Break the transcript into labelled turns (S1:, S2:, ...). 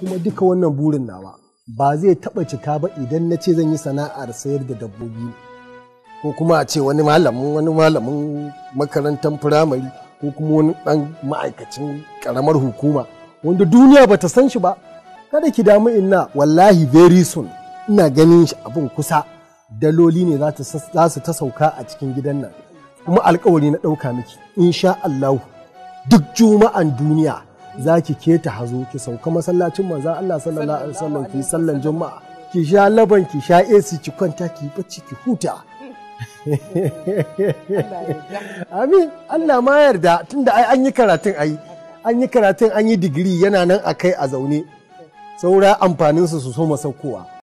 S1: kuma duka wannan burin nawa ba zai taɓa cika ba idan na ce zan yi sana'ar sayar da dabbobi ko kuma a ce wani malamin wani malamin makarantar firamare ko kuma wani ɗan ma'aikacin karamar hukuma wanda duniya bata san shi ba kada ki damu inna wallahi very soon ina ganin shi abin kusa daloli ne za su ta sauka a cikin gidan nan kuma alkawari na ɗauka miki insha Allahu duk juma'an duniya za ki keta hazo ki sauka masallacin manzan Allah sallallahu alaihi wasallam ki sallan juma'a ki sha laban ki sha AC ki kwanta ki bacci ki huta amin Allah ma yarda tunda ai an yi karatun ai an yi karatun an yi digiri yana nan akai a zaune saura amfaninsu su so masaukowa